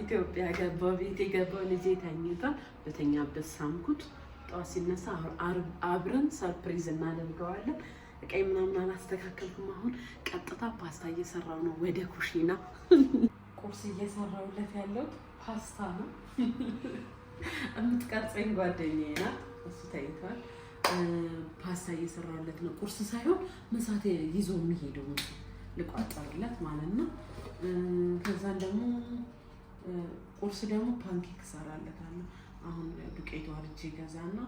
ኢትዮጵያ ገባው ቤቴ ገባው ልጄ ተኝቷል። በተኛበት ሳምኩት። ጠዋት ሲነሳ አብረን ሰርፕሪዝ እናደርገዋለን። ቀይ ምናምን አላስተካከልኩም። አሁን ቀጥታ ፓስታ እየሰራው ነው። ወደ ኩሽና ቁርስ እየሰራውለት ያለው ፓስታ ነው። የምትቀርጸኝ ጓደኛዬ ናት። እሱ ተይቷል። ፓስታ እየሰራውለት ነው። ቁርስ ሳይሆን መሳት ይዞ የሚሄደው ልቋጠርለት ማለት ነው። ከዛን ደግሞ ቁርስ ደግሞ ፓንኬክ እሰራለታለሁ። አሁን ዱቄቷ ልጅ ገዛና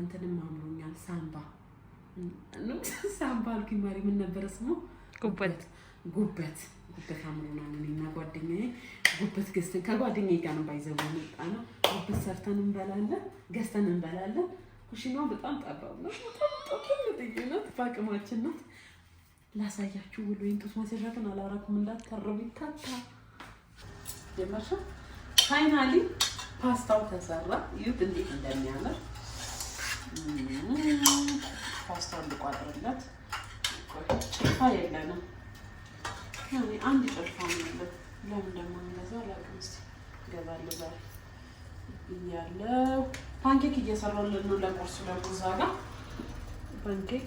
እንትንም አምሮኛል። ሳምባ ሳምባ አልኩኝ ማሪ ምን ነበረ ስሙ? ጉበት ጉበት ጉበት አምሮናል። እኔና ጓደኛዬ ጉበት ገዝተን ከጓደኛዬ ጋር ነው ባይዘው መጣ ነው። ጉበት ሰርተን እንበላለን፣ ገዝተን እንበላለን። ኩሽና በጣም ጠባብ ነው። በጣም ነው በአቅማችን ናት። ላሳያችሁ ወይም ጡት መስራትን አላራኩም እንዳትቀረቡ ይታታል ጀመርሽው። ፋይናሊ ፓስታው ተሰራ። ይሁት እንዴት እንደሚያምር ፓስታውን ልቋጥርለት። ጭልፋ የለንም፣ አንድ ጭልፋ ነው። ለምን ደግሞ እንደዚያ አላውቅም። እስኪ እገዛለሁ ዛሬ እያለሁ ፓንኬክ እየሰራሁልን ነው ለቁርሱ ለጉዛ ጋር ፓንኬክ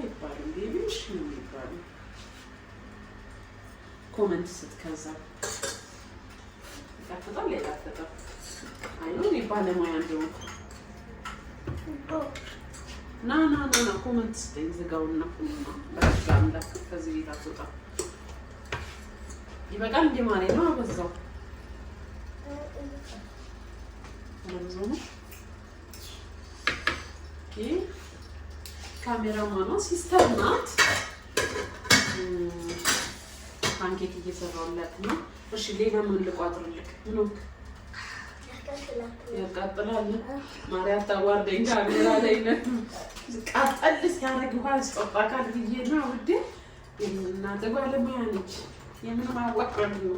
አይባልም። ቤቢሽ ነው ኮመንት ስትከዛ ይጣፍጣል አይጣፍጥም። አይ እኔ ባለሙያ እንደሆነ ና ና ና ና ኮመንት ስጠኝ። ዝጋውና ከዚህ ቤት ይበቃል። ማሬ ነው አበዛው ለብዙ ነው ካሜራማኗ ሲስተር ናት። ፓንኬክ እየሰራሁላት ነው። እሺ ሌላ ምን ልቋጥርልክ? ምኖክ ያቃጥላል። ማርያም ታዋርደኝ ካሜራ ላይ ነት ቃጠል ሲያደርግ ውሃ ካል ብዬ ነው ውዴ። እናተ ባለሙያ ነች። የምን አያዋቅረል ነው።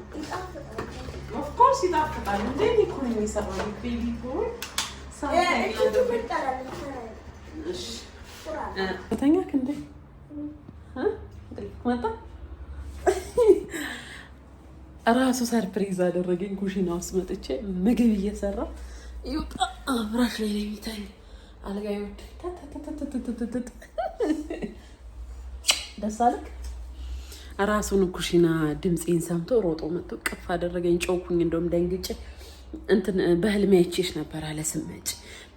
ኦፍኮርስ ይጣፍጣል። እንደ እኔ እኮ ነው የሚሰራው ቤቢ እሺ ተኛክ እንዴ? መጣ ራሱ ሰርፕሪዝ አደረገኝ። ኩሽና ውስጥ መጥቼ ምግብ እየሰራ ይውጣ ብራሽ ላይ የሚታይ የሚታኝ አልጋ ደስ አለክ። ራሱን ኩሽና ድምፄን ሰምቶ ሮጦ መጥቶ ቅፍ አደረገኝ። ጮኩኝ እንደውም ደንግጬ እንትን በህልሜ አይቼሽ ነበር አለ ስመጭ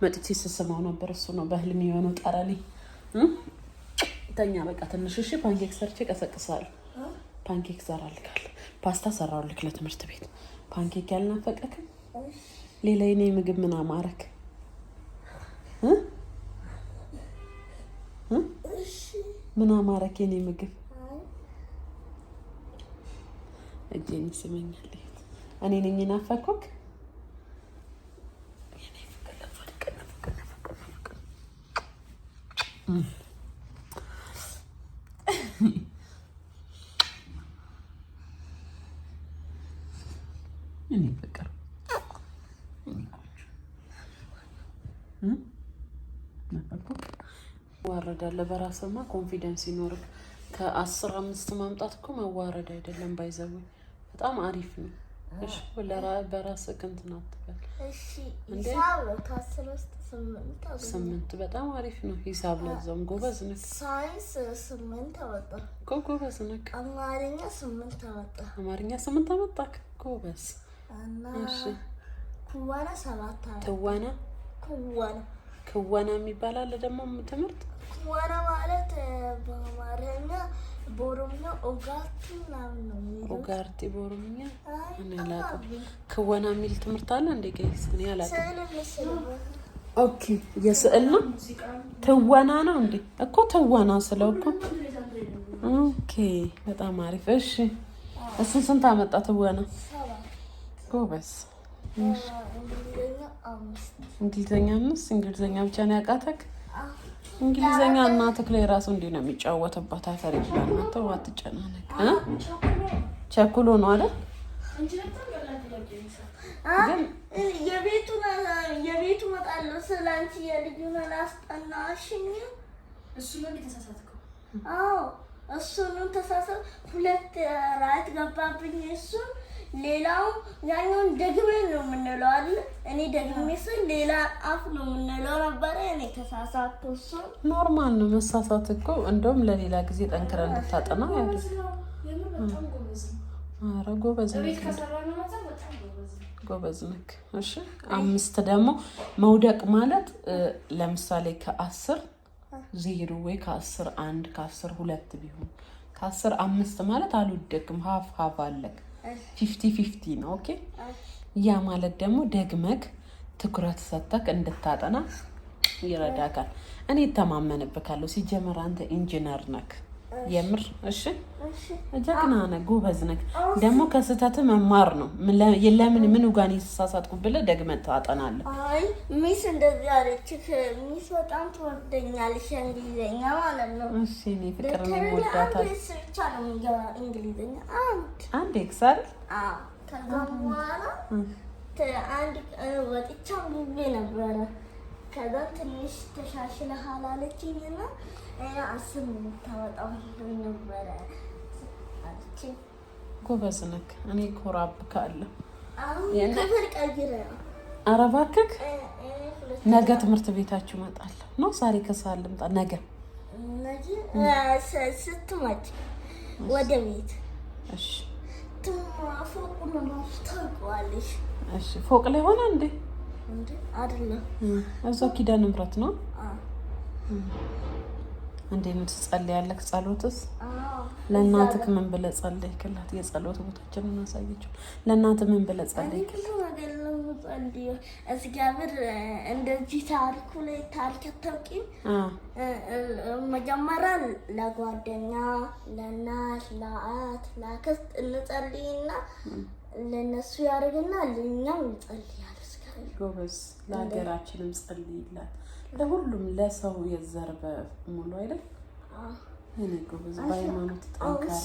መጥቼ ስሰማው ነበር። እሱ ነው በህልሜ የሆነው። ጠረኔ ተኛ በቃ ትንሽ። እሺ ፓንኬክ ሰርቼ ቀሰቅሰዋል። ፓንኬክ ዘራልካል። ፓስታ ሰራውልክ ለትምህርት ቤት ፓንኬክ ያልናፈቀክም? ሌላ የኔ ምግብ ምን አማረክ? ምን አማረክ የኔ ምግብ? እጄን ይስመኛል። እኔ ነኝ ናፈኩክ እኔ ፍቅር ዋረዳለ በራስማ ኮንፊደንስ ይኖርክ ከአስር አምስት ማምጣት እኮ መዋረድ አይደለም። ባይዘዊ በጣም አሪፍ ነው። እሺ በራስ ክንት ናት ስምንት በጣም አሪፍ ነው። ሂሳብ ለዛም ጎበዝ ነክ። ሳይንስ ስምንት አመጣ እኮ ጎበዝ ነክ። አማርኛ ስምንት አመጣ አማርኛ ስምንት አመጣክ ጎበዝ። እሺ ክዋና ሰባት አመጣ ትዋና ክዋና ክዋና የሚባል አለ ደግሞ ትምህርት ክዋና ማለት በአማርኛ ኦጋርቲ በኦሮምኛ እኔ አላውቅም። ክወና የሚል ትምህርት አለ እንደ ጋይስ እኔ አላውቅም። ኦኬ የስዕል ነው ትወና ነው እንዴ? እኮ ትወና ስለው እኮ ኦኬ። በጣም አሪፍ እሺ። እሱን ስንት አመጣ ትወና? ጎበዝ እንግሊዝኛ አምስት እንግሊዝኛ ብቻ ነው ያቃተክ እንግሊዘኛ እናትህ ላይ ራሱ እንዲህ ነው የሚጫወትባት። አፈር ይችላል። ተው አትጨናነቅ። ቸኩሎ ነው አለ የቤቱ መጣለው ስለ አንቺ የልጁን አላስጠናሽኝም። እሱንም ተሳሳት ሁለት ራት ገባብኝ እሱን ሌላው ያኛውን ደግሜ ነው የምንለው አይደል? እኔ ደግሜ ስል ሌላ አፍ ነው የምንለው ነበረ። እኔ ተሳሳትኩ። እሱ ኖርማል ነው መሳሳት እኮ እንደውም ለሌላ ጊዜ ጠንክረን እንድታጠና ያሉት። ኧረ ጎበዝ ነክ ጎበዝ ነክ። እሺ አምስት ደግሞ መውደቅ ማለት ለምሳሌ ከአስር ዜሮ ወይ ከአስር አንድ ከአስር ሁለት ቢሆን ከአስር አምስት ማለት አልወደቅም ሀፍ ሀፍ አለክ ፊፍቲ ፊፍቲ ነው። ኦኬ ያ ማለት ደግሞ ደግመክ ትኩረት ሰጥተክ እንድታጠና ይረዳካል። እኔ እተማመንብካለሁ። ሲጀመር አንተ ኢንጂነር ነክ የምር እሺ፣ ጀግና ነህ፣ ጎበዝ ነህ። ደግሞ ከስህተት መማር ነው። ለምን ምን ጋር የተሳሳትኩ ብለህ ደግመህ ታጠናለህ። አይ ሚስ እንደዚህ አለች። ሚስ በጣም ትወደኛለሽ፣ እንግሊዘኛ ማለት ነው። እሺ፣ እኔ ፍቅር ነው የምወዳታል። ብቻ ነው እንግሊዘኛ አንድ አንድ ኤክሳል። ከዛ በኋላ አንድ ወጥቻ ጊዜ ነበረ ከዛ ትንሽ ተሻሽለሃል አለችኝ እና አስር ታወጣው ነበረ አለችኝ። ጎበዝ ነክ እኔ ኮራብ ካለ ከፈር ኧረ እባክህ ነገ ትምህርት ቤታችሁ እመጣለሁ ነው። ዛሬ ከሰዓት ልምጣ። ነገ ስትመጪ ወደ ቤት ፎቅ ላይ ሆነ እንዴ? እዛው ኪዳነ ምሕረት ነው። እንዴት ነው ትጸልያለህ? ጸሎትስ ለእናትህ ምን ብለህ ጸለይክላት? የጸሎት ቦታችን እናሳየችው። ለእናትህ ምን ብለህ ጸለይክላት? እግዚአብሔር እንደዚህ ታሪኩ ላይ ታሪክ አታውቂም። መጀመሪያ ለጓደኛ፣ ለእናት፣ ለአያት፣ ለአክስት እንጸልይና ለእነሱ ያደርግና ለእኛም እንጸልያለን። ጎበዝ። ለሀገራችንም ጸልይላት፣ ለሁሉም ለሰው የዘርበ ሙሉ አይደል? እኔ ጎበዝ፣ በሃይማኖት ጠንካራ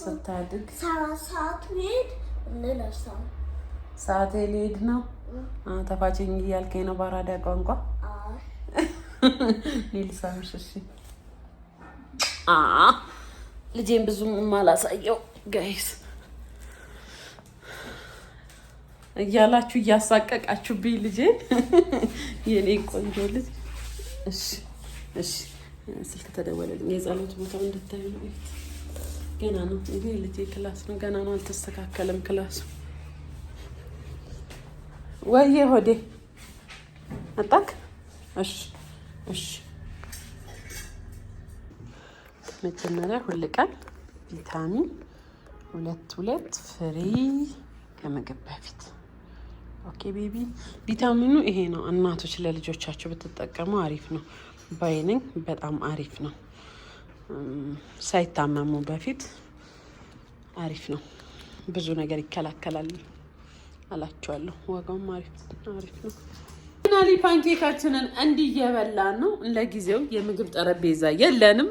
ስታድግ ሰዓቴ ሊሄድ ነው። ተፋችኝ እያልከ ነው በአራዳ ቋንቋ ይልሳምሽ። እሺ ልጄን ብዙም ማላሳየው ጋይስ እያላችሁ እያሳቀቃችሁ እያሳቀቃችሁብኝ ልጄ፣ የኔ ቆንጆ ልጅ። እሺ እሺ፣ ስልክ ተደወለልኝ። የጸሎት ቦታ እንድታዩ ነው። ገና ነው ይሄ ልጄ፣ ክላስ ነው። ገና ነው፣ አልተስተካከለም ክላሱ። ወይዬ ሆዴ አጣክ። እሺ እሺ። መጀመሪያ ሁል ቀን ቪታሚን ሁለት ሁለት ፍሬ ከምግብ በፊት ኦኬ ቤቢ ቪታሚኑ ይሄ ነው። እናቶች ለልጆቻቸው ብትጠቀሙ አሪፍ ነው ባይነኝ። በጣም አሪፍ ነው። ሳይታመሙ በፊት አሪፍ ነው። ብዙ ነገር ይከላከላል አላችኋለሁ። ዋጋውም አሪፍ ነው። ናሊ ፓንኬካችንን እንዲህ እየበላ ነው። ለጊዜው የምግብ ጠረጴዛ የለንም።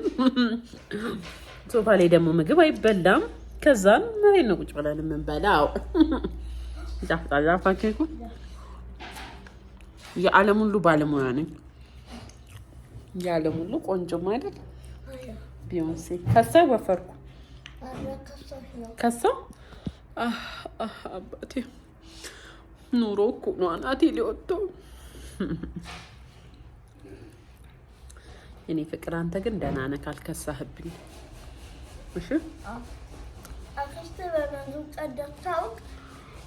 ሶፋ ላይ ደግሞ ምግብ አይበላም። ከዛም መሬት ነው ቁጭ ብለን የምንበላው። ይጣፍጣል። ፓንኬኩ የዓለም ሁሉ ባለሙያ ነኝ። የዓለም ሁሉ ቆንጆ አይደል? ቢዮንሴ ከሳይ ወፈርኩ ከሳው አባቴ ኑሮ እኮ ነው አናቴ ሊወጡ እኔ ፍቅር አንተ ግን ደህና ነህ ካልከሳህብኝ። እሺ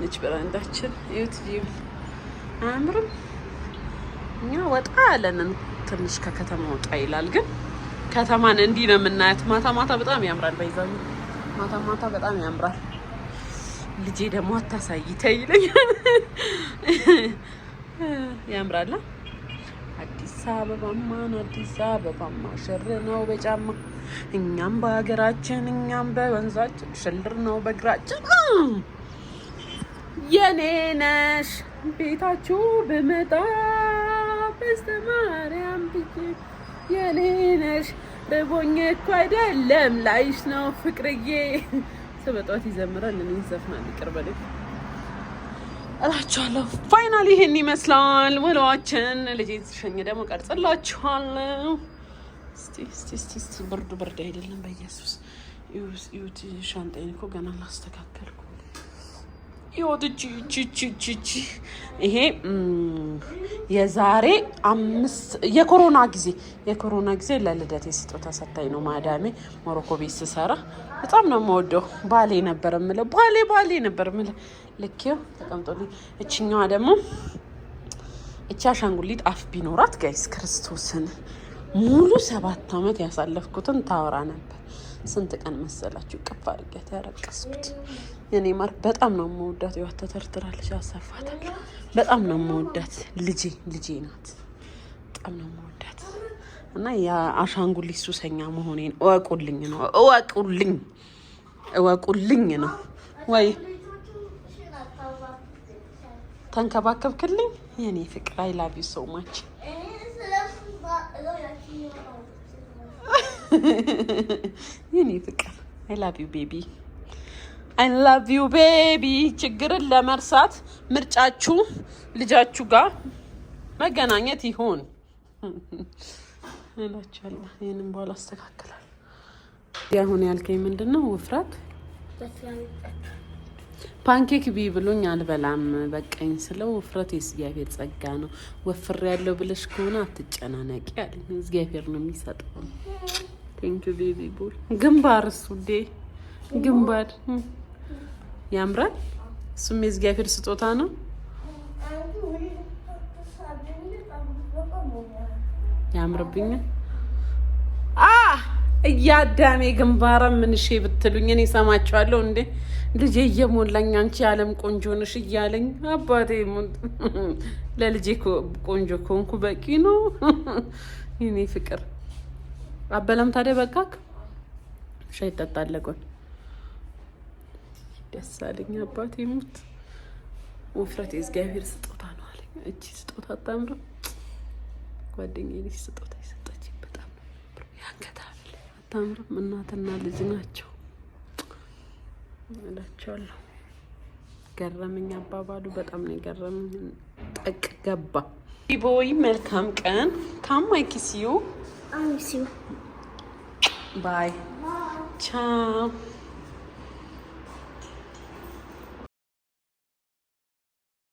ነች በረንዳችን። እዩት፣ ቪው አያምርም? እኛ ወጣ ያለንን ትንሽ ከከተማ ወጣ ይላል፣ ግን ከተማን እንዲህ ነው የምናያት። ማታ ማታ በጣም ያምራል። በይዛ ማታ ማታ በጣም ያምራል። ልጄ ደግሞ አታሳይ ይለኛል። ያምራል። አዲስ አበባማን አዲስ አበባማ ሽር ነው በጫማ እኛም በሀገራችን እኛም በወንዛችን ሽልር ነው በእግራችን። የኔ ነሽ ቤታችሁ ብመጣ በስተ ማርያም ብዬ የኔ ነሽ ርቦኝ እኮ አይደለም ላይሽ ነው ፍቅርዬ። ሰው በጠዋት ይዘምራል፣ እኔ ይዘፍናል። ይቅር እላችኋለሁ። ፋይናል ይሄን ይመስላል ውሏችን። ልጅ ተሸኘ ደግሞ ቀርጽላችኋለሁ። እስቲ እስቲ እስቲ ብርዱ ብርድ አይደለም። በኢየሱስ ዩት ሻንጣዬን እኮ ገና አላስተካከልኩ ህይወት እቺ እቺ እቺ ይሄ የዛሬ አምስት የኮሮና ጊዜ የኮሮና ጊዜ ለልደት ስጦታ ሰታኝ ነው ማዳሜ ሞሮኮ ቤት ስሰራ በጣም ነው የምወደው። ባሌ ነበር የምለው ባሌ ባሌ ነበር የምለው ልኬው ተቀምጦልኝ። እችኛዋ ደግሞ እቺ አሻንጉሊት አፍ ቢኖራት ጋይስ ክርስቶስን ሙሉ ሰባት አመት ያሳለፍኩትን ታወራ ነበር። ስንት ቀን መሰላችሁ ቅፍ አድርጌያት ያረቀስኩት። የኔ ማር በጣም ነው መወዳት። ይዋ ተተርትራለች፣ ያሰፋታል። በጣም ነው መወዳት። ልጄ ልጄ ናት። በጣም ነው መወዳት እና የአሻንጉሊት ሱሰኛ መሆኔን እወቁልኝ ነው እወቁልኝ እወቁልኝ ነው ወይ ተንከባከብክልኝ የኔ ፍቅር አይ ላቭ ዩ ሶ ማች የኔ ፍቅር አይ ላቭ ዩ ቤቢ አይ ላቭ ዩ ቤቢ። ችግርን ለመርሳት ምርጫችሁ ልጃችሁ ጋር መገናኘት ይሆን እላችኋለሁ። ይህንም በኋላ አስተካክላለሁ። አሁን ያልከኝ ምንድን ነው? ውፍረት ፓንኬክ ቢ ብሎኝ አልበላም በቃኝ ስለው ውፍረት የእግዚአብሔር ጸጋ ነው፣ ወፍሬ ያለው ብለሽ ከሆነ አትጨናነቂ አለኝ። እግዚአብሔር ነው የሚሰጠው። ቴንክ ቤቢ ቦይ። ግንባር እሱ ዴ ግንባር ያምራል። እሱም የእግዚአብሔር ስጦታ ነው። ያምርብኛል። አ እያዳሜ ግንባረ ምንሽ ብትሉኝ እኔ ሰማችኋለሁ እንዴ ልጄ እየሞላኝ አንቺ የዓለም ቆንጆ ነሽ እያለኝ አባቴ ለልጄ ቆንጆ ከሆንኩ በቂ ነው። ይኔ ፍቅር አበለም ታዲያ በቃክ። ሻይ ይጠጣለቆን ደስ አለኝ። አባቴ ሙት ውፍረት የእግዚአብሔር ስጦታ ነው አለኝ። እቺ ስጦታ አታምርም? ጓደኛዬ ልጅ ስጦታ የሰጠች በጣም ያንገታል። አታምርም? እናትና ልጅ ናቸው እላቸዋለሁ። ገረመኝ አባባሉ በጣም ነው የገረመኝ። ጠቅ ገባ ቢቦይ መልካም ቀን ካማይ ኪስዩ I miss you. Bye. Bye. Ciao.